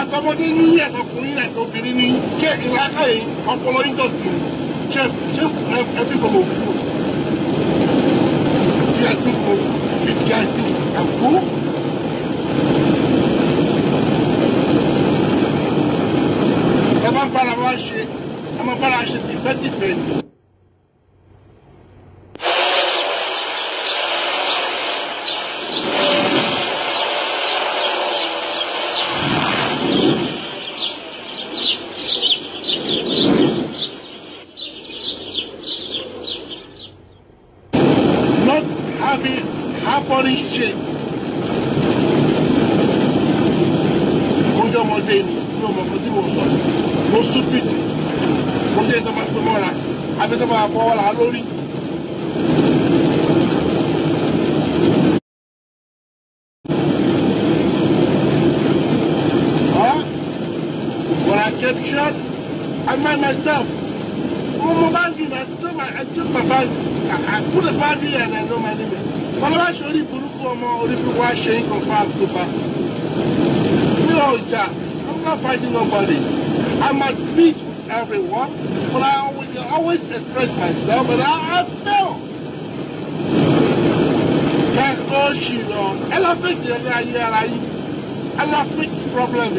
àtọmọdé ní ẹ̀tọkùnrin ẹ̀tọkùnrin ní ṣé ìlàkà yìí ọpọlọ yín tó dùn ṣé ṣé ẹbí kò mọ̀ òkú ìdí àti òkú ìdí àti àgbo. ẹ máa ń bára wá ṣe ẹ máa ń bára ṣe tìfẹ́tìfẹ́ ni. happy happening change. Oúnjẹ ọmọdé ni ní ọmọkàn tí wọ́n sọ ló súpìtì. Oúnjẹ ìtọ́mọ́ra abẹ́tọ́mọ́ra fọwọ́ra lórí. orí fi wá ṣe nǹkan fún we are ọjà I'm not fighting nobody I'm at peace with everyone but I always, always express myself and I, I fail. kẹ́kọ̀ọ́ ṣìlọ ẹ lọ fèjì ẹ lé ayé ara yìí ẹ lọ fèjì problem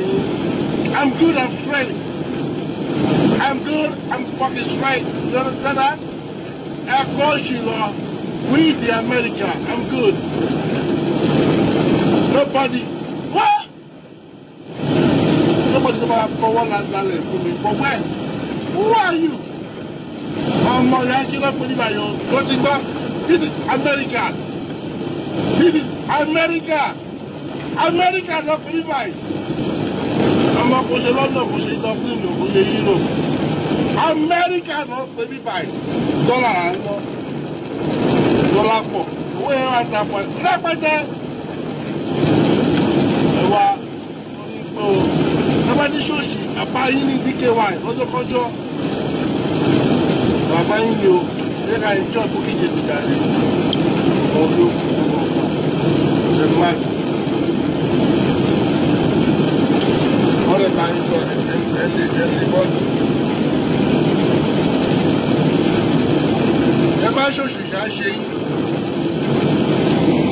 I'm good I'm friendly I'm good I'm fucking straight you understand that? ẹ kọ́ ṣìlọ. We the America, I'm good. Nobody, what? Nobody's about for one and dollar for me. For where? Who are you? I'm a regular for What is that? This is America. This is America. America not for you by. I'm a push a lot of push it up in the America not for you by. Dollar, I know dọ́là pọ̀ owó yẹn wà ta pọ̀ rẹpẹtẹ ẹwà onígbò rẹpẹtẹ ṣọ́ọ̀ṣì bàbá yín ní dky lọ́jọ́kọ́jọ́ bàbá yín ni o ṣé ká ìjọ tó kéje ti dàrí ọdún ṣe máa ọ̀rẹ́ ta ń sọ ẹ̀ ẹ̀ ẹ̀ ẹ̀ bọ́ọ̀lù. ẹ bá ṣòṣìṣà ṣe yín.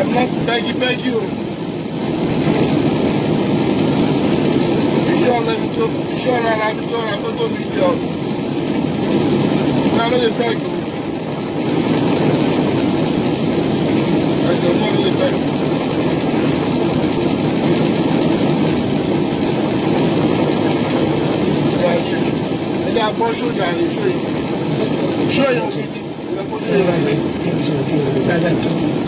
Je vais begging, pas you. Inshallah, de vous sorry, je vous going to be I'm not Je to beg you. I'm not going to Je you. la bonne chose à les jouer. Je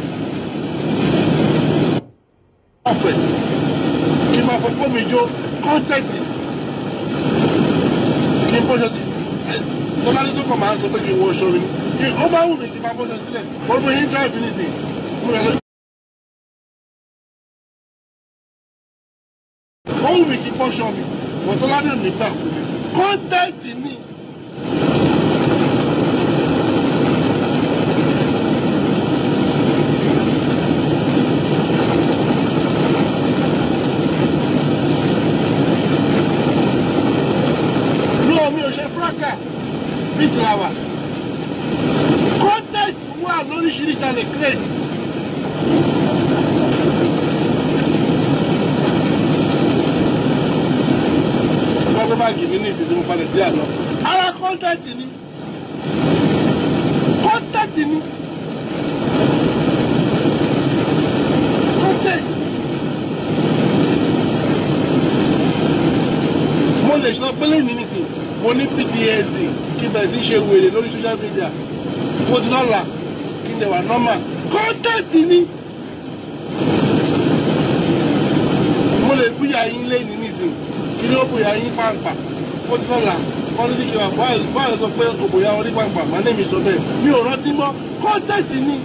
mi jó kọ́ńtẹ́ǹtì kí n bọ́ṣọ tọ́lájú tó kọ̀ máa ń sọ pé que o wọ ṣọ́rí kí ó bá wù mí kí n máa bọ́ṣọ sílẹ̀ wọ́n mú yín dráìbì nìdí mú yàrá. wọ́n wù mí kí n bọ́ṣọ mo ní PTSD kí bẹ̀rẹ̀ sí ṣe wèrè lórí social media mo ti lọ́la kí lè wà normal content ni mo lè búyà yín lé ní kí ni ó búyà yín pàǹpà mo lọ́la wọ́n ní kíkì wà báyìí sọ pé òbòyà wọn ní pàǹpà màá ní mi sọ bẹ́ẹ̀ mi ò rántí mọ́ content ni.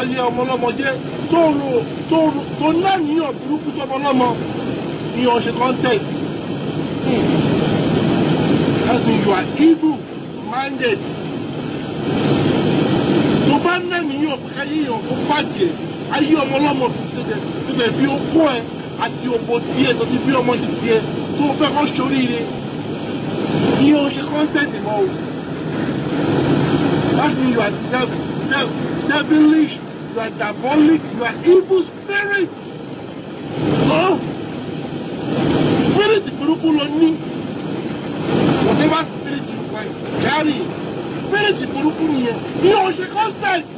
ayé ọmọ ọlọ́mọ jẹ́ tó ro tó ro tó láníyàn burúkú sọmọ ọlọ́mọ ìyàn ṣe content. Hmm. As in you are evil minded. Tó bá láníyàn káyé yàn kó bàjẹ́ ayé ọmọ ọlọ́mọ tètè fi okó ẹ àti òbò tiẹ̀ tó ti bí ọmọ ti tiẹ̀ tó fẹ́ kó ṣoríire. Ìyàn ṣe content mọ́ o. As in you are devil devilish you are diabolic, you are evil spirit. Oh, spirit burúkú ló ní. Whatever spirit you find, carry it. Spirit burúkú nìyẹn. Ní oṣù contact.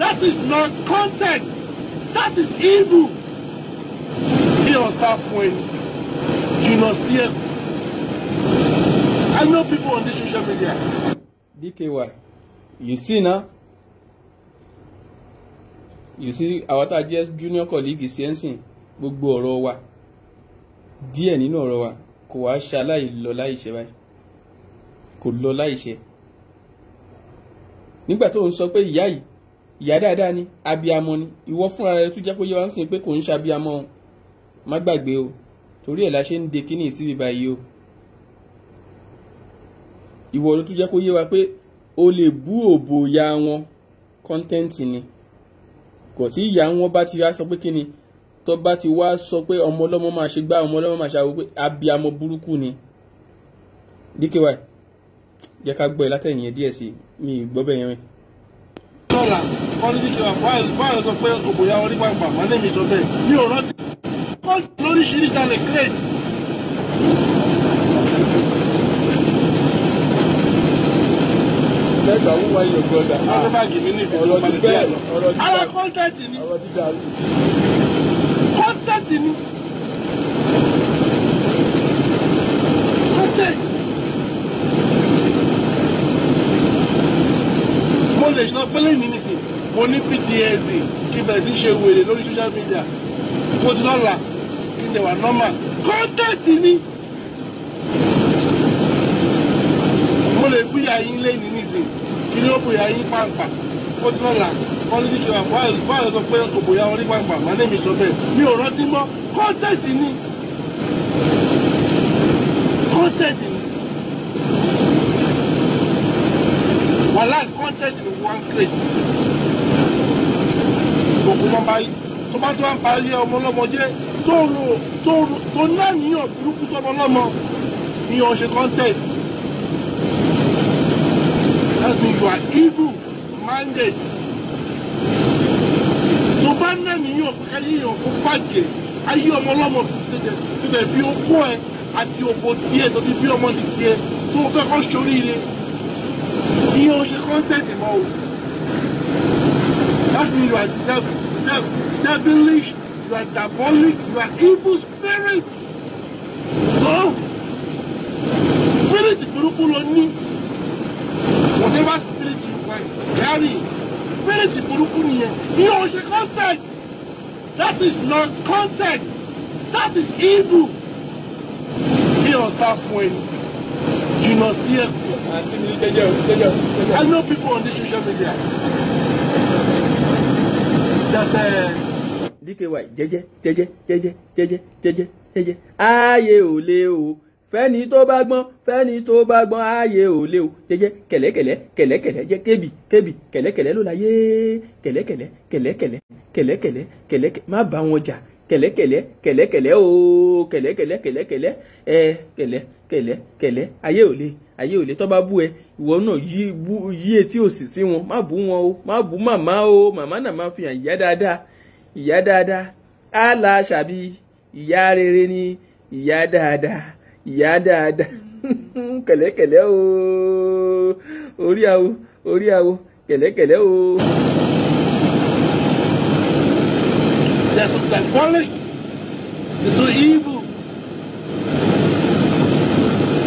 That is not contact. That is evil. Bí ọ̀sá fún ẹ, jìnnà sí ẹ. I know people on this social media. DKY, you see now you see àwọn tá a jẹ́ junior colleague sí ẹ̀sìn gbogbo ọ̀rọ̀ wa díẹ̀ nínú ọ̀rọ̀ wa kò wá ṣe aláìlọ láìṣe báyìí kò lọ láìṣe nígbà tó ń sọ pé ìyá yìí ìyá dáadáa ni abiyamọ ni ìwọ fúnra rẹ tún jẹ́ kó yẹ wá ń sìn pé kò ń ṣe abiyamọ o má gbàgbé o torí ẹ̀ la ṣe ń de kíní síbi báyìí o ìwọ ló tún jẹ́ kó yé wa pé o lè bú òbò ya wọn kọ́ńtẹ́ǹtì ni kò tí ìyá wọn bá ti wá sọ pé kíni tó bá ti wá sọ pé ọmọ ọlọ́mọ máa ṣe gbá ọmọ ọlọ́mọ máa ṣe àwọn pé abiyamọ burúkú ni DKY jẹ́ ká gbọ́ ẹ látẹ̀yìn yẹn díẹ̀ sí mi ì gbọ́ bẹ́ẹ̀ yẹn rìn. lọ́la wọ́n ní kí wọ́n báyọ̀ sọ pé kòkò ya orí pàpà má lè mi sọ bẹ́ẹ̀ mi ò rántí. wọ́n lóríṣiríṣi ta lè kírèjì. lẹ́gbàá wúwa yìí gbọ́dọ̀ ọ̀rọ̀ ti bẹ́ẹ̀ ọ̀rọ̀ ti dàrú. ara kọ́ńtẹ́ẹ̀tì ni ọ̀rọ̀ ti dàrú. kọ́ńtẹ́ẹ̀tì ni. kọ́ńtẹ́ẹ̀tì. mo lè sọ pé lẹ́yìn nìkan mo ní PTSD kí bẹ̀rẹ̀ ti ṣe wèrè lórí social media mo ti lọ́la kí n lè wà normal kọ́ńtẹ́ẹ̀tì ni lè búyà yín lẹ́yìn nísìn kí ni ó búyà yín pàǹpà ó tún ọ̀la wọ́n ní kí wọ́n báyọ̀ sọ pé kò bóyá wọn rí pàǹpà má lè mi sọ bẹ́ẹ̀ mi ò rántí mọ́ kọ́ńtẹ̀tì ni kọ́ńtẹ̀tì ni wàhálà kọ́ńtẹ̀tì ni wọ́n ń gbogbo wọn bá yìí tó bá tó ń parí ọmọ ọlọ́mọ jẹ́ tó náà níyàn burúkú sọmọ níyàn ṣe kọ́ńtẹ̀tì. You are evil-minded. Tó bá náà níyàn káyé èèyàn kó bàjẹ́, ayé ọmọ ọlọ́mọ tẹ̀lẹ̀ bí okó ẹ àti òbò tiẹ̀ tó ti bí ọmọ ti tiẹ̀ tó fẹ́ kọ́ sóríire. Ìyẹn o ṣe kọ́ńtẹ́ẹ̀tì mọ́ o. That means you are devil, devil, devilish, you are diabolic, you are evil spirit. So, spirit burúkú ló ní. Whatever Gary, the burúkú nìyẹn. Ìyẹn ò ṣe consent. That is not consent. That is evil. Bí ọ̀sá fún ẹni, jìnnà sí ẹ̀kọ́. Àti mi jẹjẹ o, jẹjẹ o, jẹjẹ o. I know people on this social media. That, uh, DKY jẹjẹ jẹjẹ jẹjẹ jẹjẹ jẹjẹ jẹjẹ ààyè ò lé o fẹ́ni tó bá gbọ́n fẹ́ni tó bá gbọ́n ààyè ò lé o jẹjẹ kẹ̀lẹ́kẹ̀lẹ́ kẹ̀lẹ́kẹ̀lẹ́ jẹ kébì kébì kẹ̀lẹ́kẹ̀lẹ́ ló la yé kẹ̀lẹ́kẹ̀lẹ́ kẹ̀lẹ́kẹ̀lẹ́ kẹ̀lẹ́kẹ̀lẹ́ kẹ̀lẹ́kẹ̀lẹ́ má bá wọn jà kẹ̀lẹ́kẹ̀lẹ́ kẹ̀lẹ́kẹ̀lẹ́ o kẹ̀lẹ́kẹ̀lẹ́ kẹ̀lẹ́kẹ̀lẹ́ ẹ kẹ̀lẹ́ kẹ̀lẹ́ kẹ̀lẹ́ ayé ò lé ayé ò lé tó bá bú ẹ ìwọ náà yí bú yí etí òsì sí wọn má bú wọn o má bú màmá o màmá náà má fi hàn ìyá dáadáa ìyá dáadáa á la ṣàbí ìyá rere ni ìyá dáadáa kẹ̀lẹ́kẹ̀lẹ́ o orí awo orí awo kẹ̀lẹ́kẹ̀lẹ́ o. That's diabolic. It's so evil.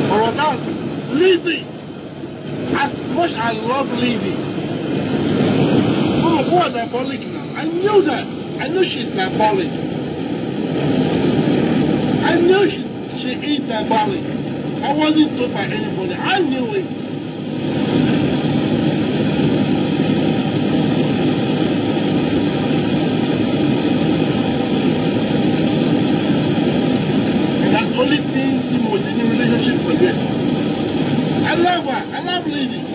For now, leave me. As much as I love Levy. Oh, what diabolic now. I knew that. I knew she's my diabolic. I knew she's she eat that barley. I wasn't told by anybody. I knew it. And that's the only thing the was in a relationship for you. I love her. I love Lady.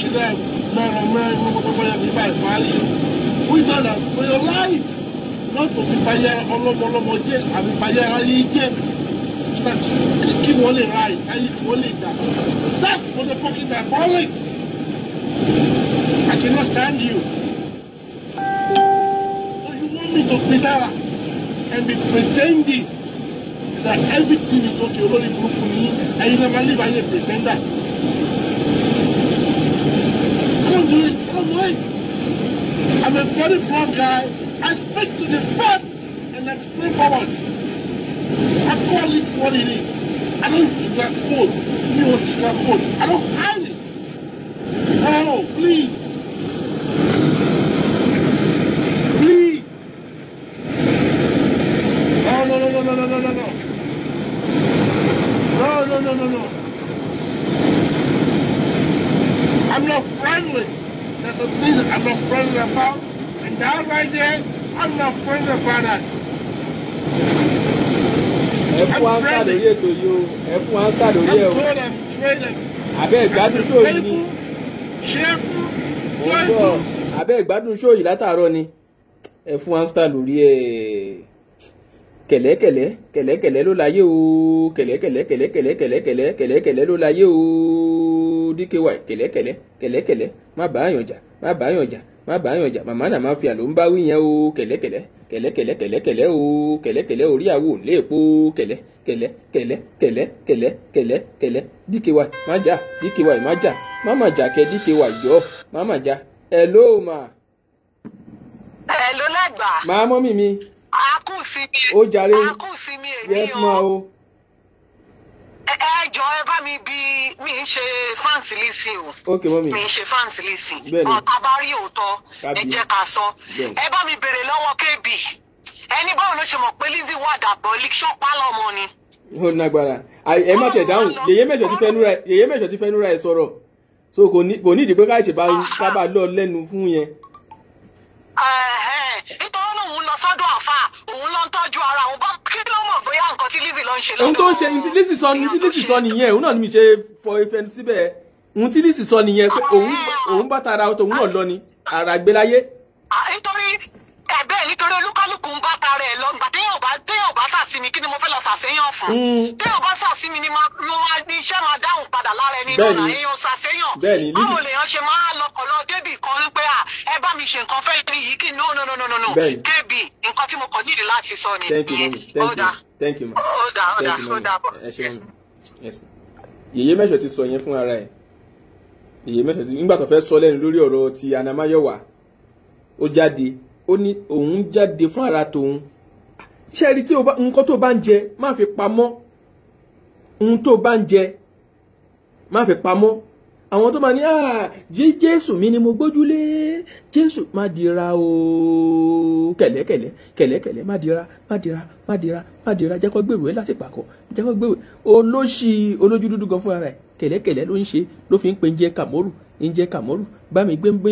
accident, man on man, you violation. We done that for your life. Not to fi payẹ ọlọ́mọ ọlọ́mọ jẹ́ àbí payẹ ayé jẹ́ kí wọ́n lè ra ayé kí wọ́n lè dà. That's for the fucking diabolic. I cannot stand you. So you want me to pretend and be pretending that everything is okay olórí burúkú ni ẹ̀yin náà máa lè bá pretender. I'm a very proud guy. I speak to the front and I'm straightforward. I call it what it is. I don't sugarcoat. You don't sugarcoat. I don't hide it. Oh, please. ẹ fún wa ń kà lórí ètò yìí o ẹ fún wa ń kà lórí ẹ o àbẹ́ ìgbádùn ṣòyí ni òótọ́ àbẹ́ ìgbádùn ṣòyí látàárọ̀ ni ẹ fún wa ń kà lórí ẹ kẹ̀lẹ́kẹ̀lẹ́ kẹ̀lẹ́kẹ̀lẹ́ ló láyé o kẹ̀lẹ́kẹ̀lẹ́ kẹ̀lẹ́kẹ̀lẹ́ kẹ̀lẹ́kẹ̀lẹ́ kẹ̀lẹ́kẹ̀lẹ́ ló láyé o dky kẹ̀lẹ́kẹ̀lẹ́ kẹ̀lẹ́kẹ̀lẹ́ má bàá yànjà má bàá yànjà má bàá yànjà màmá náà má fi àlò ń bá wí yẹn o kẹ̀lẹ́kẹ̀lẹ́ kẹ̀lẹ́kẹ̀lẹ́ kẹ̀lẹ́kẹ̀lẹ́ o kẹ̀lẹ́kẹ̀lẹ́ orí àwo nílé epo kẹ̀lẹ́ kẹ̀lẹ́ kẹ̀lẹ́ kẹ̀lẹ́ kẹ̀lẹ́ kẹ̀lẹ́ kẹ̀lẹ́ DKY má jà DKY má jà má má jà kẹ DKY jọ má má jà ẹ ló mà. ẹ ló lẹ́gbàá. màá mọ́ mi mi. a kù sí mi. ó jàre. a kù sí mi èmi o. yes ma o ẹ jọ ẹ bá mi bí mi ń ṣe fáǹsì lìsì o mi ń ṣe fáǹsì lìsì ọ̀tá bá rí òótọ́ ẹ jẹ́ ká sọ ẹ bá mi béèrè lọ́wọ́ kb ẹni báwo ló ṣe mọ̀ pé Lizzy wà dàbọ̀ lẹ́kṣọ́ pálọ̀ ọmọ ni. ó nágbára ẹ má tẹ̀ dáhùn yèyé mẹ́sàn-án ti fẹ́ núra ẹ̀ sọ̀rọ̀ so kò ní ìdí pé káyọ̀ṣe bá lọ lẹ́nu fún yẹn. ohun tó ń ṣe ohun tí Lizzy sọ ohun tí Lizzy sọ nìyẹn òun náà ni mi ṣe fọ ife síbẹ̀ ohun tí Lizzy sọ nìyẹn pé òun òun bá tara ọtọ òun náà lọ ni ara gbé láyé. nítorí ẹ̀bẹ́ nítorí olúkálùkù ń bá tara ẹ̀ lọ gbà téèyàn bá téèyàn bá sàsí kí ni mo fẹ́ lọ sàséyàn fún mm. téèyàn bá sàsí ni mo máa ní iṣẹ́ ma dáhùn padà lára ẹni náà èèyàn sàséyàn báwo lèèyàn ṣe máa lọkọ̀ lọ débì kan wípé à ẹ bá mi ṣe nǹkan fẹ́ ní yìí kí no no no no no no kb nǹkan tí mo kàn nídìí láti sọ ni ìyẹn ọ̀dà ọ̀dà ọ̀dà ọ̀dà bọ̀. yèyé mẹ́sọ̀ ti sọ yẹn fún ara ẹ̀ yèyé mẹ́sọ̀ ti nígbà tó fẹ́ sọ lẹ́nu lórí ọ̀rọ̀ ti anamáyọ̀wá ó jáde ó ní òun jáde fún ara tòun ṣé rí tí nǹkan tó bá ń jẹ má fi pamọ́ ohun tó bá ń jẹ má fi pamọ́ àwọn tó máa ní ah, jésù mi ni mo gbójúlé jésù má dira o kẹ̀lẹ́kẹ̀lẹ́ kẹ̀lẹ́kẹ̀lẹ́ má dira má dira má dira má dira jẹ́ kó gbèrú ẹ láti pàkọ́ jẹ́ kó gbèrú olóṣì olójú dúdú gan fúnra rẹ̀ kẹ̀lẹ́kẹ̀lẹ́ ló ń ṣe ló fi ń pe ń jẹ́ kàmọ́rù ń jẹ́ kàmọ́rù bá mi gbé ń gbé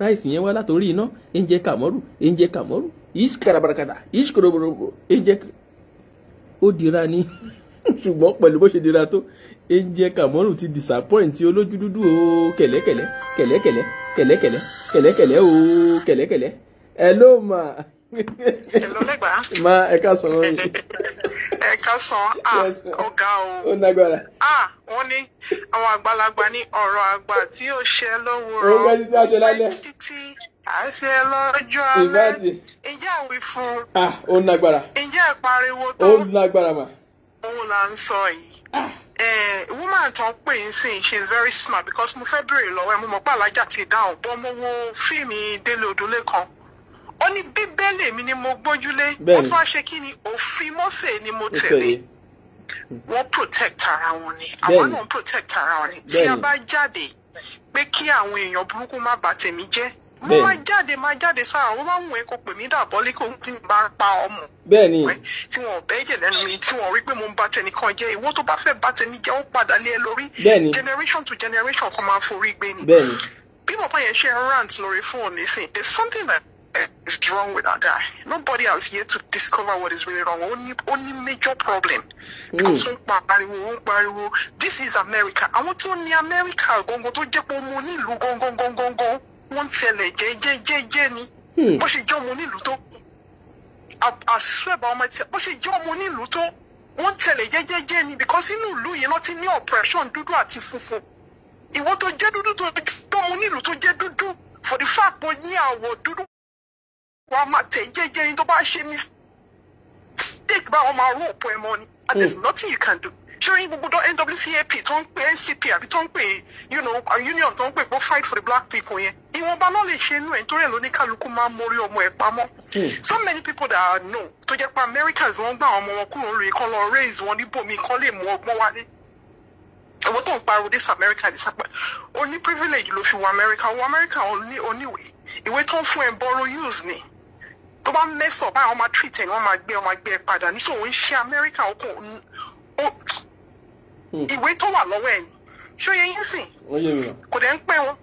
ráìsì yẹn wá látòrí iná ń jẹ́ kàmọ́rù ń ìṣkàràbàràkàtà ìṣkòròbòròbò ń ó dira ni ṣùgbọ́n pẹ̀lú bó ṣe dira tó ẹnjẹ Kamoru ti disappoint olójú dúdú o kẹ̀lẹ́kẹ̀lẹ́ kẹ̀lẹ́kẹ̀lẹ́ kẹ̀lẹ́kẹ̀lẹ́ kẹ̀lẹ́kẹ̀lẹ́ o kẹ̀lẹ́kẹ̀lẹ́ hello ma. hello lẹ́gbàá. ma ẹ ká sọ wọn. ẹ ká sọ ọ̀gá o. ó nágbára. wọ́n ní àwọn àgbàlagbà ní ọ̀rọ̀ àgbà tí ó ṣe lọ́wọ́ rọ. orúkọ títí aṣọ lálẹ́. títí àṣẹ lọ́jọ́ alẹ́. ìjà wí fún. ó nágbára. ìjà ìpariwo tó. ó nágbára mà. òun là ń sọ yìí. Ah. Eh, woman tó ń pè ń sìn she is very smart because mo fẹ́ béèrè lọ́wọ́ ẹ̀ mo mọ̀ pé alájà ti dáhùn bọ́ mo wo fíìmù délé odolé kan ó ní bíbélì mi ni mo gbójúlé ó tún wá ṣe kí ni òfin Mósè ni mo tẹ̀lé wọ́n protect ara wọn ni àwọn náà protect ara wọn ni tí a bá jáde pé kí àwọn èèyàn burúkú má bà tèmi jẹ́ mo máa jáde máa jáde sọ àwọn bá wù ẹ kó pè mí dàbọ̀ lé kó ń tí n bá pa ọmọ. bẹ́ẹ̀ni tí wọn bẹ jẹ lẹ́nu mi tí wọn rí pé mo ń ba tẹnìkan jẹ ìwọ tó bá fẹ́ ba tẹni jẹ ó padà lé ẹ lórí. bẹ́ẹ̀ni generation to generation kan máa forí gbé ni. bẹ́ẹ̀ni bí bàbá yẹn ṣe rant lórí fóònù nísìn there's something that is wrong with that guy nobody has yet to discover what is really wrong ó ní ó ní major problem. Hmm. because ó ń pa ariwo ó ń pa ariwo this is America àwọn tó ní America gbọ̀ngàn tó jẹ́ pé ó mú nílùú gbọ̀ngàn gbọ̀ngàn gbọ̀ngàn wọ́n ń ṣẹlẹ̀ jẹ́jẹ́jẹ́jẹ́ ni hmm. bó ṣe jẹ́ ọmọ onílùú tó àṣùwẹ̀bà ọmọ ẹtì bó ṣe jẹ́ ọmọ onílùú tó wọ́n ń ṣẹlẹ̀ jẹ́jẹ́jẹ́ ni because inú ìlú yìí náà ti ní oppression dúdú àti funfun ìwọ tó jẹ́ dúdú tó jẹ́ ọmọ onílùú tó jẹ́ dúdú for the fact pé ní àwọ̀ dúdú wọ́n máa tẹ̀ jẹ́jẹ́ ni tó bá ṣe mistake báwọn máa rún òpó ẹ̀ mọ́ ni and there is hmm. nothing you can do sórí gbogbo NWCAP tó ń pè NCP àbí tó ń pè you know a union tó ń pè go fight for the black people yẹn ìwọ̀nba náà lè ṣe inú ẹ̀ nítorí ẹ̀ lóníkàlùkù máa ń mórí ọmọ ẹ̀ pamọ́ hmm. so many people that I know tó jẹ́ pé Americans wọ́n gbà àwọn ọmọ wọn kúrò lórí kan lọ raise wọn níbòmí kan lè mú ọgbọ́n wálé owó tó ń pariwo this America this apá o privilege ló fi wọ America wọ America ò ní oníwèé ìwé tó ń fún ẹ borrow use ni tó bá mess up báyìí wọ́n máa treat ẹ wọ́n máa gbé wọ́n máa gbé ẹ padà ní so òun ṣe America ọkọ̀ ìwé tó wà lọ́wọ́ ẹ̀ ṣó yẹ yín sìn kò dẹ̀ ń pẹ́ wọn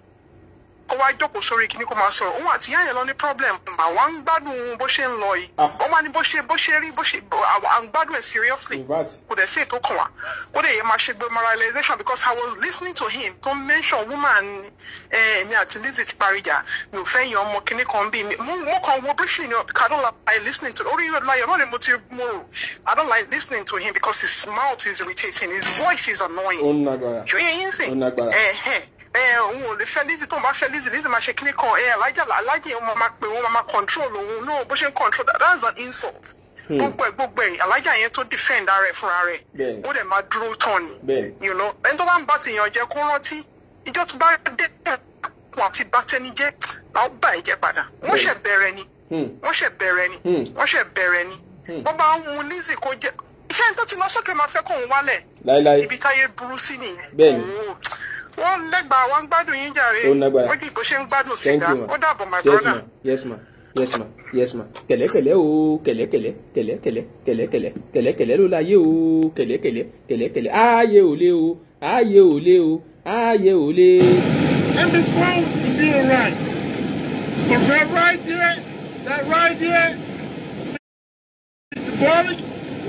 ó wá jókòó sórí kíní kó máa sọ̀rọ̀ òun àti ìyá yẹn lọ ní problem àwa ń gbádùn bó ṣe ń lọ yìí wọ́n ah. wá ní bó ṣe bó ṣe rí bó ṣe àwa ń gbádùn ẹ̀ seriously kò dẹ̀ sí ètò kan wa ó dẹ̀ yẹ máa ṣe gbé moralization because I was listening to him tó mention woman eh, èmi àti Lizzie ti paríjà mi ò fẹ́ yan ọmọ kíní kan bí mi mo kàn wo briefly ni I don't like listening to orí láyọ̀ náà ni mo ti mo rò I don't like listening to him because his mouth is irritating his voice is annoying. ó ń nagbara ó ń òun ò lè fẹ́ Lizzy tó ń bá fẹ́ Lizzy Lizzy máa ṣe kíní kan alájà alájà wọn máa pè wọn máa control òun náà bó ṣe ń control that that's an insult hmm. gbogbo ẹ gbogbo ẹ alájà yẹn tó defend ara ẹ fúnra rẹ ó dẹ̀ máa dúró tán ni ẹni tó bá ń bá tìyàn jẹ kó rántí ìjọ tó bá dé ẹkùn àti bátẹni jẹ àwọn bá ẹ jẹ padà wọ́n ṣẹ̀ bẹ̀rẹ̀ ni hmm. wọ́n ṣẹ̀ bẹ̀rẹ̀ ni hmm. wọ́n ṣẹ̀ bẹ̀rẹ̀ ni wọ́n bá ń mu Lizzy kó jẹ iṣẹ́ tó lọ sókè máa fẹ́ kóun wálẹ̀ ibi táyé burú sí nìyẹn òun wọ́n lẹ́gbàá wọn gbádùn yín jàre wọ́n bí bó ṣe ń gbádùn sìgá ó dàbọ̀ my brother. yes ma yes ma yes ma kẹ̀lẹ́kẹ̀lẹ́ o kẹ̀lẹ́kẹ̀lẹ́ kẹ̀lẹ́kẹ̀lẹ́ kẹ̀lẹ́kẹ̀lẹ́ kẹ̀lẹ́kẹ̀lẹ́ ló láyé o kẹ̀lẹ́kẹ̀lẹ́ kẹ̀lẹ́kẹ̀lẹ́ ààyè ò lé o ààyè ò lé o ààyè ò lé. and the phone will be alright but that right there that right there the body.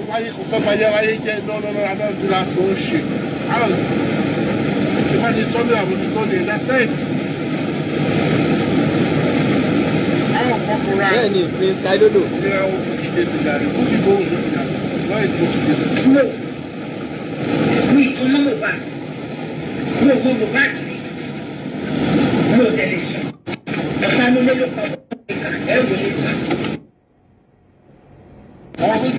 wáyé kò fẹ́ bàjẹ́ wáyé jẹ́ lọ́lọ́lọ́ adọ́dúnrà tó ń ṣe bá ti sọ́dọ̀ àmójútó lè lẹ́sẹ̀. Àwọn kan kura. Bẹ́ẹ̀ni, Prince Taidodo. Ṣé àwọn òkìkè ti dàrí? Ó ti bóun ló ti dàrí. Lọ́yìn tó ti dàrí. Mo mi tún mọ́ Mohbad. Mo mọ Mohbad mi. Mo tẹ̀lé sùn. Ọ̀sá mi ló ló pa Bọ́lá ẹ̀rù mi ta. Ọ̀rọ̀ mi.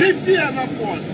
Fifty and upwards.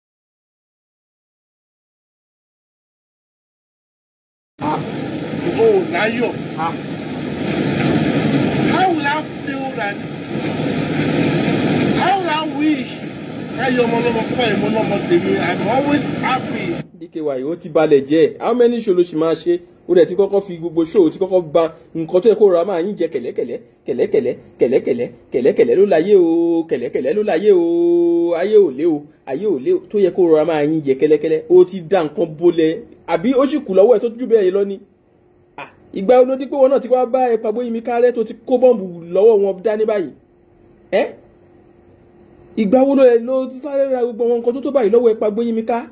wà yìí ó ti balẹ̀ jẹ́ how many show ló ṣì máa ṣe ó dẹ̀ ti kọ́kọ́ fi gbogbo show ti kọ́kọ́ ba nǹkan tó yẹ kó ra máa yín jẹ kẹ̀lẹ́kẹ̀lẹ́ kẹ̀lẹ́kẹ̀lẹ́ kẹ̀lẹ́kẹ̀lẹ́ kẹ̀lẹ́kẹ̀lẹ́ ló láyé o kẹ̀lẹ́kẹ̀lẹ́ ló láyé o ayé ò lé o ayé ò lé o tó yẹ kó ra máa yín jẹ kẹ́lẹ́kẹ́lẹ́ ó ti da nǹkan bolẹ̀ àbí ó sì kù lọ́wọ́ ẹ̀ tó jú bẹ́ẹ̀ lọ ni ìgbà olódì pé wọn náà ti wá bá ẹ pàgbó yìí mi kárẹ́ tó ti kó bọ́ǹbù lọ́wọ́ wọn dání báyìí ẹ ìgbà wo ló sáré ra gbogbo wọn nǹkan tó tó báyìí lọ́wọ́ ẹ pàgbó yìí mi ká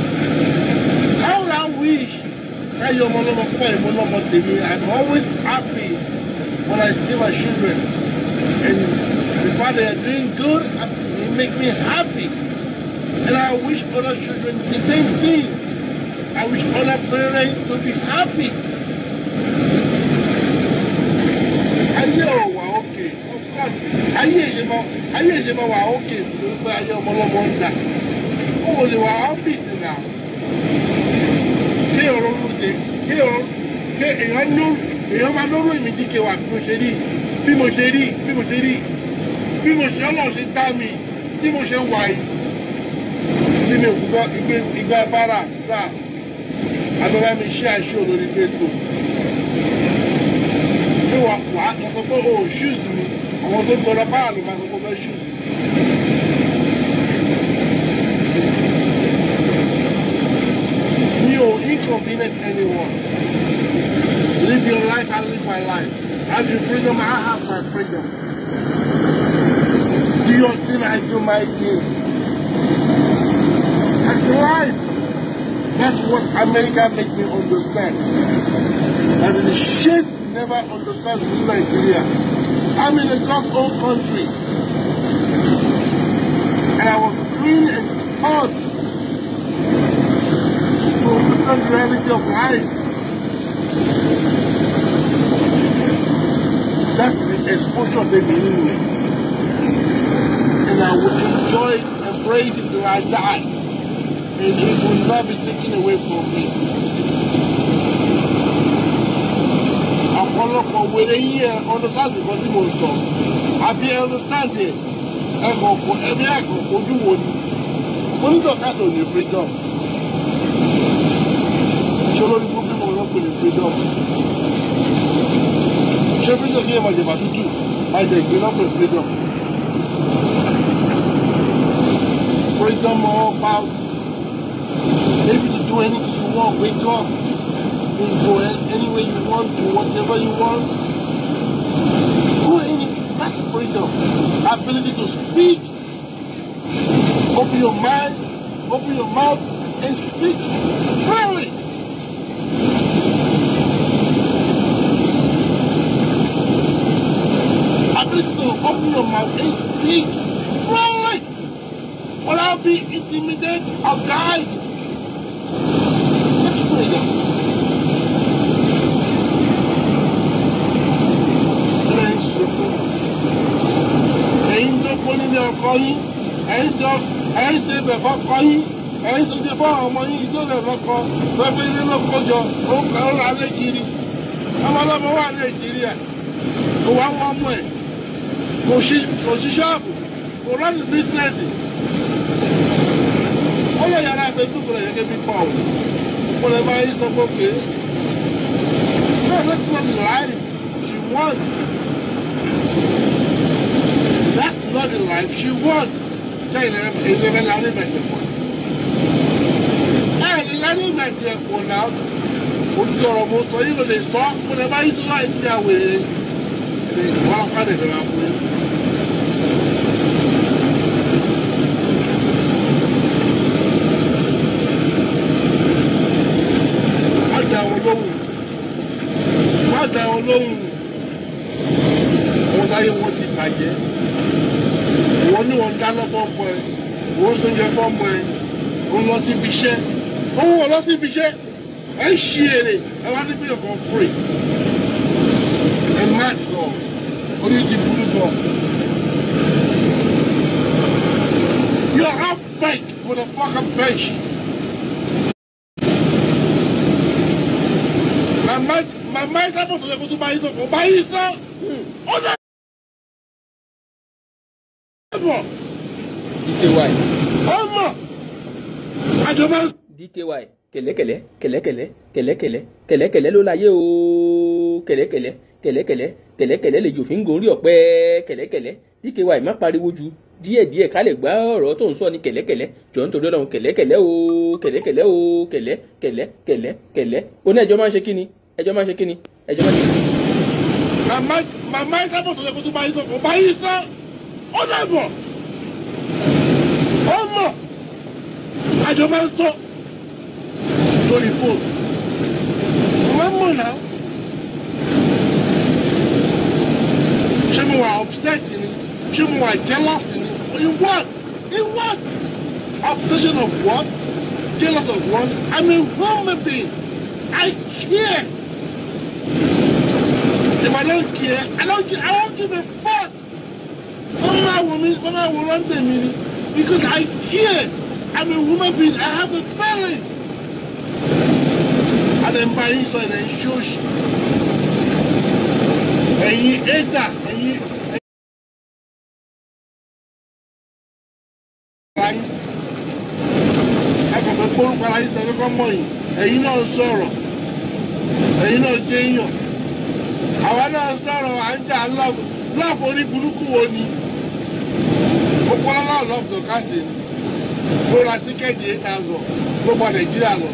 How I wish that your me. I'm always happy when I see my children. And the fact they are doing good, it makes me happy. And I wish other children the same thing. I wish other parents to be happy. Ayé ọ̀rọ̀ wà ókè, ayé you máa wà you torí pé ayé ọmọ ọlọ́mọ ń dà. Ó wò lè wà ọ́fíìsì. kí ọ̀rọ̀ ló ṣe kí ọ̀rọ̀ ṣe èèyàn ló èèyàn máa lóró èmi díke wà bí mo ṣe rí bí mo ṣe rí bí mo ṣe rí bí mo ṣe ọlọ́ọ̀ ṣe dá mi bí mo ṣe wà yìí tí mi ò gbọ́ igbe igba bára gbà abẹ́rẹ́ mi ṣe àṣọ lórí facebook ṣé wà wà lọ́sọ̀ pé o oh, ṣùzù àwọn tó ń tọrọ báàlù máa kọ́kọ́ bẹ́ ṣùzù. will inconvenience anyone. Live your life, I live my life. Have your freedom, I have my freedom. Do your thing, I do my thing. That's life. That's what America makes me understand. And the shit never understands Nigeria. I'm in a god old country. And I was clean and taught haven't read your life. That's the exposure they need. And I will enjoy it and praise it till I die. And it will not be taken away from me. I follow for ọ̀pọ̀lọpọ̀ wèrè yí ẹ understand nǹkan tí mo sọ àbí ẹ understand ẹ ẹ̀kọ́ ẹ̀mí ẹ̀kọ́ ojú wo ni onítọ̀ọ́ká tó ní freedom olórí gómìnà wọn pè ní freedom ṣé freedom yẹ wọ́n jẹ̀bà tútù àìjẹ́ ìgbé náà pè ní freedom freedom all power able to do anything you want wake up you go anywhere you want do whatever you want do anything that's freedom ability to speak open your mind open your mouth and speak. this thing, open your mouth and speak freely without being intimidated or guided. Let's pray now. ẹ̀yin tó kò sí ṣọ́ọ̀bù kò rọ́ọ̀nù bísínẹ́sì ó lè yàrá facebook rẹ̀ gẹ́gẹ́ bí paul kò lè máa yí sọ pé pé náà let's not lie she won that's not the life she won ṣe ìlera ìlera lárí ìbẹ̀jẹ̀ pọ̀ ẹ̀ ní lárí ìbẹ̀jẹ̀ pọ̀ náà òtítọ́ ọ̀rọ̀ mo sọ yìí lè sọ kò lè máa yí sọ àìsí àwòrán ìwà wọn lóhùn wọn láyé wọn ti bàjẹ́ wọn ní wọn dáná fọ́ọ̀mù ẹ wọn tó ń jẹ ẹ wọn lọ síbi iṣẹ́ wọn wọ lọ síbi iṣẹ́ ẹ ń ṣí èrè ẹ wá ní bíyàn kan ẹ má dùn ọ orí ti burú bọ. You half baked with a fucking bench. máa ń sábọ̀ tó yẹ kó tún ó dà. DKY. ọmọ àjọba. DKY kẹ̀lẹ́kẹ̀lẹ́ kẹ̀lẹ́kẹ̀lẹ́ kẹ̀lẹ́kẹ̀lẹ́ kẹ̀lẹ́kẹ̀lẹ́ ló láyé o kẹ̀lẹ́kẹ̀lẹ́ kẹ̀lẹ́kẹ̀lẹ́ kẹ̀lẹ́kẹ̀lẹ́ lè jòfin gorí ọ̀pẹ kẹ̀lẹ́kẹ̀lẹ́ DKY má pariwo jù díẹ̀díẹ̀ ká lè gbá ọ̀rọ̀ tó ń sọ ní kẹ̀lẹ́kẹ̀lẹ́ jọ nítorí Ọlọ́run kẹ̀lẹ́kẹ̀lẹ́ o kẹ̀lẹ́kẹ̀lẹ́ o kẹ̀lẹ́ kẹ̀lẹ́ kẹ̀lẹ́ kẹ̀lẹ́ oní máa ń ṣe kí ni ẹjọ́ máa ṣe kí ni ẹjọ́ máa ṣe kí ni. màmá màmá ìsábọ̀ tó yẹ kó tó bá yín sọ kò bá yín sọ ó dàbọ̀ ó mọ̀ àjọ máa sọ lórí fóònù màmá mọ̀ náà ṣé mo wà upset ni ṣé mo wà jealous ni in what in what obsession of what jealous of what I'm a human being I care. If I don't care, I don't care. I don't give a fuck. I'm not a woman, I'm not a woman, because I care. I'm a woman being, I have a family. And then by this one, then shush. And you ate that, and you. Ẹ kàn fẹ́ kórúkọ aláìsàn ló kọ́ mọ̀ yìí, ẹ̀yin náà sọ̀rọ̀ ẹ̀yin náà jẹ́ èèyàn àwa náà sọ̀rọ̀ à ń jà lọ́ọ̀bù lọ́ọ̀bù orí burúkú wo ni ó pọ́n lọ́wọ́ lọ́ọ̀bù tó tíkẹ́ẹ̀tì eight thousand ló gba nàìjíríà lọ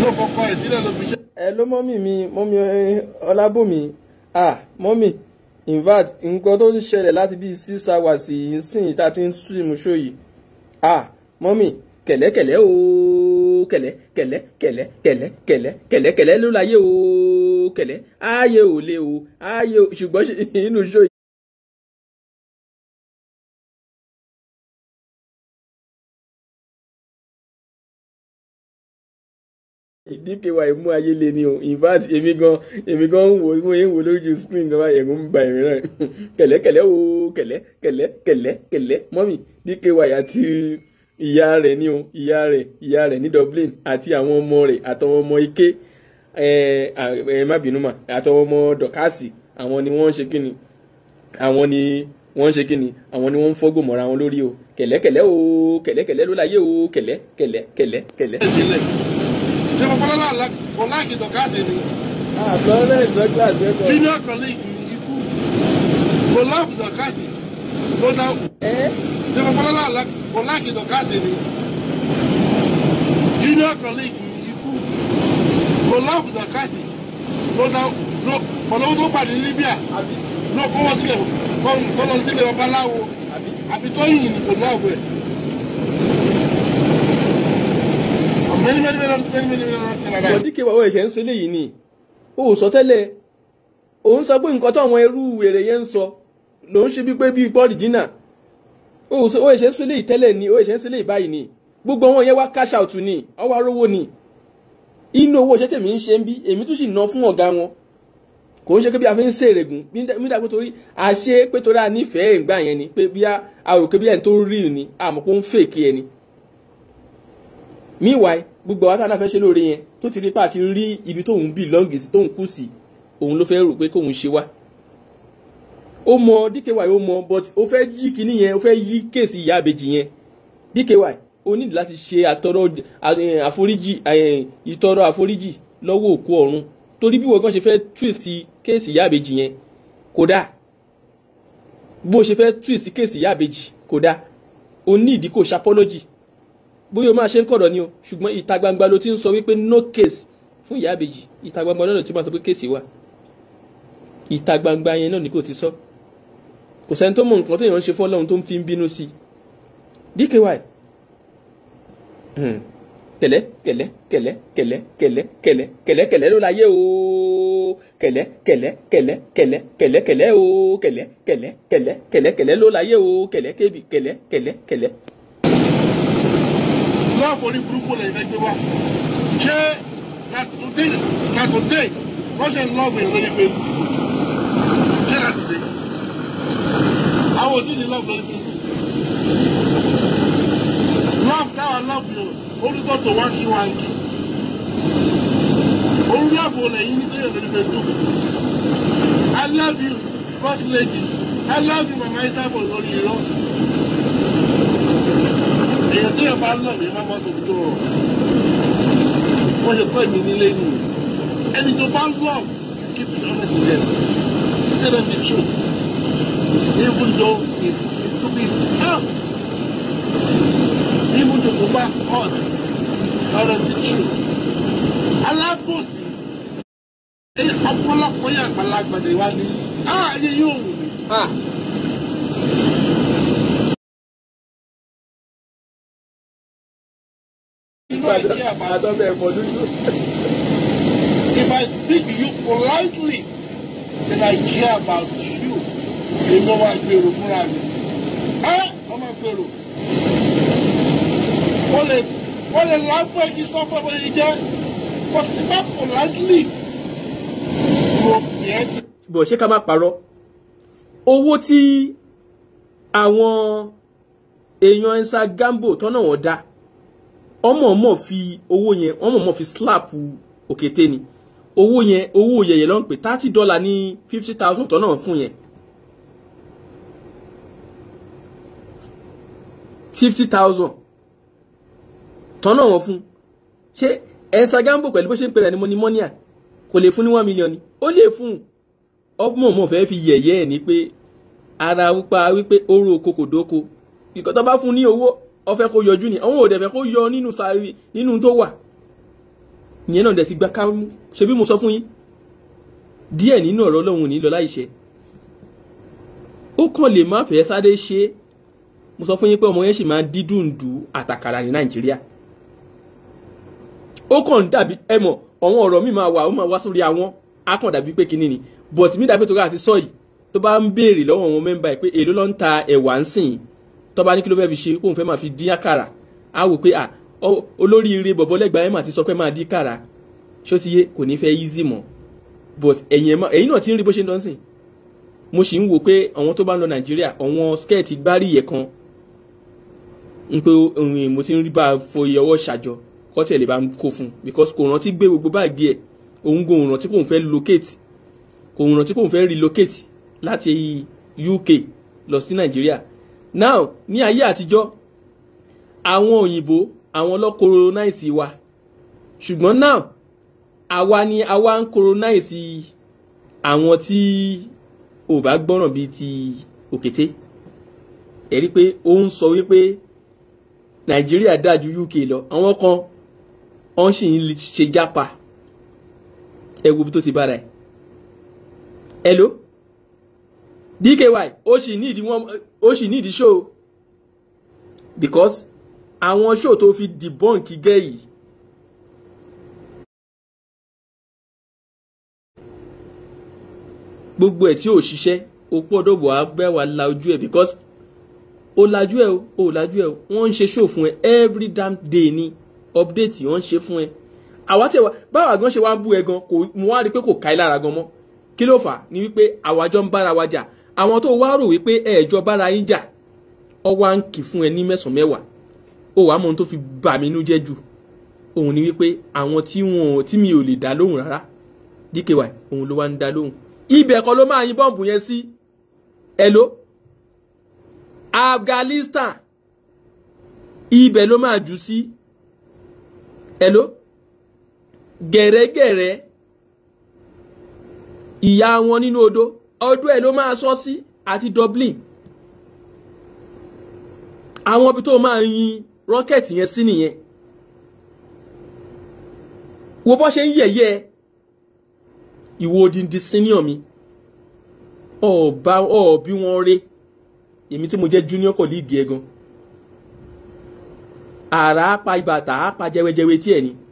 ló kọ́kọ́ ẹ̀ ló fi ṣe. ẹ ló mọ́mì mi mọ́mì ọlábùnmi ah mọ́mì in fact nǹkan tó ń ṣẹlẹ̀ láti bíi six hours yìí ń sìn tá a ti ń stream show yìí ah mọ́mì kẹ̀lẹ́kẹ̀lẹ́ ooo kẹ̀lẹ́ kẹ̀lẹ́ kẹ̀lẹ́ kẹ̀lẹ́ kẹ̀lẹ́ kẹ̀lẹ́ kẹ̀lẹ́ ló láyé ooo kẹ̀lẹ́ ààyè ò lè o ààyè ṣùgbọ́n inú ṣó yìí. ìdíkewà ìmú ayé le ni o in fact èmi gan èmi gan ń wo mo ń wo lójú screen gan báyìí ẹ̀rù ń ba ẹ̀rù náà kẹ̀lẹ́kẹ̀lẹ́ ooo kẹ̀lẹ́ kẹ̀lẹ́ kẹ̀lẹ́ kẹ̀lẹ́ mọ́mì díkewà àti ìyá rẹ̀ ni o ìyá rẹ̀ ìyá rẹ̀ ní Dublin àti àwọn ọmọ rẹ̀ àtọwọn ọmọ ike ẹ ẹ má bínú mà àtọwọn ọmọ dọkásì àwọn ni wọ́n ń ṣe kíni àwọn ni wọ́n ń ṣe kíni àwọn ni wọ́n ń fọ́gò mọ́ra wọn lórí o kẹ̀lẹ́kẹ̀lẹ́ o kẹ̀lẹ́kẹ̀lẹ́ ló láyé o kẹ̀lẹ́ kẹ̀lẹ́ kẹ̀lẹ́ kẹ̀lẹ́. ṣé mo fọlọ́ náà ọ̀la ni. àbúrò náà ìgbàgbọ́ àgbẹ̀kọ̀. bí ikú kò láàbùdọ̀ káàdì gbóná ṣe mo fọlọ́lá ọ̀làkìdọ̀ káàdì ni junior colleague ikú ọ̀làkìdọ̀ káàdì gbóná ọ̀nà tó pàdé ní Libya ló kọ́wọ́ sílẹ̀ kọ́lọ́ sílẹ̀ ọba láwo àbí tó yìn ní pẹ̀lú àwọ̀ ẹ̀. bọ̀díkè wàá ẹ̀ṣẹ̀ ń sọ eléyìí ni o sọ tẹ́lẹ̀ òun sọ pé nǹkan táwọn ẹrú wèrè yẹn ń sọ ló ń ṣe bí pé bíi pọ́ọ̀rì jìnnà ó ṣe ń sílé ìtẹ́lẹ̀ ni ó ṣe ń sílé ìbáyìí ni gbogbo wọn yẹn wá cash out ni ọwọ́ arówó ni inú owó iṣẹ́ tèmi ń ṣe ń bí èmi tún sì ná fún ọ̀gá wọn kò ń ṣe pé bí a fi ń ṣèrègùn nígbà pé torí a ṣe pé torí a nífẹ̀ẹ́ ìgbà yẹn ni pé bí a rò pé ẹni tó rí ni àmọ́ pé ó ń fèkì ẹni. meanwhile gbogbo àwọn táwọn afẹ́ ṣe lóore yẹn tó ti rí pa àti rí ibi tóun bí lọ́ngì tóun kù sí òun ló fẹ́ rò pé kóun ṣe wá ó mọ DKY ó mọ but ó fẹ́ yí kíní yẹn ó fẹ́ yí kéèsì ìyá àbèjì yẹn DKY ó nílò láti ṣe àtọrọ eh, àforíjì eh, ìtọrọ àforíjì lọ́wọ́ òkú ọ̀run torí bí wọ́n gan ṣe fẹ́ twist kéèsì ìyá àbèjì yẹn kódà bó ṣe fẹ́ twist kéèsì ìyá àbèjì kódà ó ní ìdí kò ṣapọ́lọ́jì bóyá o máa ṣe ń kọ̀rọ̀ ni o ṣùgbọ́n ìta gbangba ló ti ń sọ wípé no case fún ìyá àbèjì ìta gbangba náà ló ti máa sọ pé kéèsì wà ìta gbangba yẹn náà ni kò ti sọ. So kò sẹ́ni tó mọ nǹkan téèyàn ń ṣe fọ́lọ́run tó ń fi ń bínú sí DKY kẹ̀lẹ́ kẹ̀lẹ́ kẹ̀lẹ́ kẹ̀lẹ́ kẹ̀lẹ́ kẹ̀lẹ́ kẹ̀lẹ́ kẹ̀lẹ́ ló láyé ooo kẹ̀lẹ́ kẹ̀lẹ́ kẹ̀lẹ́ kẹ̀lẹ́ kẹ̀lẹ́ kẹ̀lẹ́ ooo kẹ̀lẹ́ kẹ̀lẹ́ kẹ̀lẹ́ kẹ̀lẹ́ kẹ̀lẹ́ ló láyé ooo kẹ̀lẹ́ kẹ̀bi kẹ̀lẹ́ kẹ̀lẹ́ kẹ̀lẹ́. láàbò ní burúkú lè fẹ́ gbé wá ṣé nàtúndé nàtúndé wọ́n ṣe ń lọ́ọ̀gù ìròyìn pé ṣé nàtúndé. I àwọn òdì love lọ́ọ̀bù lórí Love lọ́ọ̀bù táwọn lọ́ọ̀bù yòó orúkọ tó wá kí wá kí orúkọ lọ́ọ̀bù lẹ́yìn ní tẹ́yẹ̀ lórí facebook i love you first lady i love you my mama isabel lórí irọ́ èèyàn tẹ́yẹ̀ bá lọ́ọ̀bù love má má tó tó rọ̀ wọ́n ṣe kọ́ èmi nílé nù ẹni tó bá lọ́ọ̀bù keep it honest with them tell them the truth even though it, it could be tough, even to go back on out of the truth. a My life Alábòsí ọ̀pọ̀lọpọ̀ yẹn àgbàlagbà ni wá ní ààyè ah! yóò wù mí. Ah! If I speak to you politely, then I care about you èmi wá gbèrò fúnra mi ẹ ọmọ gbèrò ó lè ó lè lágbó ẹni sọ fún ọmọ yìí jẹ but bá lágìlì ló pè é. bọ̀ ká má parọ́ owó tí àwọn èèyàn ẹnsa gambo tọ́nà wọn dá ọmọ ọmọ fi owó yẹn ọmọ ọmọ fi slap òkété ni owó yẹn owó yẹyẹ ló ń pè thirty dollar ní fifty thousand tọ́nà fún yẹn fifty thousand tọ́nà wọn fún ṣé ẹ̀sà gambo pẹ̀lú bó ṣe ń pèrè ni mo ní mọ́níà kò lè fún ní one million ni ó lè fún ọmọ mọ̀ fẹ́ fi yẹ̀yẹ́ ẹ̀ ní pé ara wípa wípé oró oko kò dóko ìkọ́ tó bá fún ní owó ọfẹ́ kó yọjú ni àwọn òdẹ̀fẹ́ kó yọ nínú sáré nínú tó wà ìyẹn náà dẹ̀ ti gba kámú ṣebí mo sọ fún yín díẹ̀ nínú ọ̀rọ̀ Ọlọ́run ní lọ láìṣẹ ó kàn lè má fẹ́ sáré ṣe é mo sọ fún yín pé ọmọ yẹn sì máa ń dídùn dù àtàkàrà ní nàìjíríà ó kàn dàbí ẹ mọ̀ àwọn ọ̀rọ̀ mi máa wà ó máa wá sórí àwọn á dàbí pé kinní ni but mi dàbí torí àti sọ́ọ̀yì tó bá ń béèrè lọ́wọ́ àwọn mẹ́mbà ẹ̀ pé èló ló ń ta ẹ̀wà ń sìn tó bá ní kí ló fẹ́ fi ṣe kóun fẹ́ máa fi dín àkàrà á wò pé olóríire bọ̀bọ̀ lẹ́gbàá ẹ̀ mà ti sọ pé máa dín kàrà ṣó ti yé kò ní fẹ́ easy mọ́ but ẹ̀yin náà ti ń rí bó ṣe ń lọ sìn mo sì ń wò pé àwọn tó bá ń lọ nàìjíríà àwọn skẹ́ẹ̀tì gbárí yẹ kan n pé òun mo ti ń rí bá a fo iye ọwọ́ ṣàjọ kọ́ tẹ̀ bá ń kó fún un because kò rántí gbé gbogbo báàgì ẹ̀ òun gan òun rántí kò ń fẹ́ locate kò ń rántí kò ń fẹ́ relocate láti UK lọ sí Nàìjíríà now ní ayé àtijọ́ àwọn òyìnbó àwọn ló colonize wa ṣùgbọ́n now àwa ni àwa ń colonize àwọn tí ò bá gbọ́ràn bíi ti òkété ẹ̀rí pé ó ń sọ wípé nàìjíríà dáa ju uk lọ àwọn kan wọ́n sì ń ṣe jápa ẹ tó ti bára ẹ̀ hello dky ó sì ní ìdí wọn ó sì ní ṣó because àwọn ṣó tó fi debunk gẹ́ yìí gbogbo ẹ̀ tí ò ṣiṣẹ́ o gbọ́dọ̀ wà á bẹ́ wa la ojú ẹ̀ because o lajú ẹ o lajú ẹ o wọ́n ń ṣe show fún ẹ every damn day ni update wọ́n ń ṣe fún ẹ àwa tẹ wa báwa gan ṣe wá ń bú ẹ gan kò mo wá rí i pé kò ká ẹ lára gan mọ́ kí ló fà á ni wípé àwàjọ ń bára wa jà àwọn tó wá rò wípé ẹ̀ẹ́jọ bára yín jà ọwọ́ à ń kì fún ẹ ní mẹ́sàn-án mẹ́wàá ó wàá mọ ohun tó fi bà mí inú jẹ́ jù òun ni wípé àwọn tí wọn tí mi ò lè dá lóhùn rárá DKY òun ló wá ń dá lóhùn ibẹ̀ kan ló máa yín bọ́ǹbù yẹn sí ẹ ló Afghanistan ibẹ̀ ló máa jù sí hello gẹ̀rẹ́gẹ̀rẹ́ ìyá wọn nínú odó ọdún ẹ̀ ló máa sọ sí àti Dublin àwọn ibi tó máa yin rọ́kẹ̀tì yẹn sí nìyẹn wo bó ṣe ń yẹ̀yẹ́ ìwọ senior mi ọ̀ọ́ bí wọ́n èmi tí mo jẹ́ junior colleague ẹ gan àrà á pa ibà tà á pa jẹwẹjẹwẹ tí ẹ ni.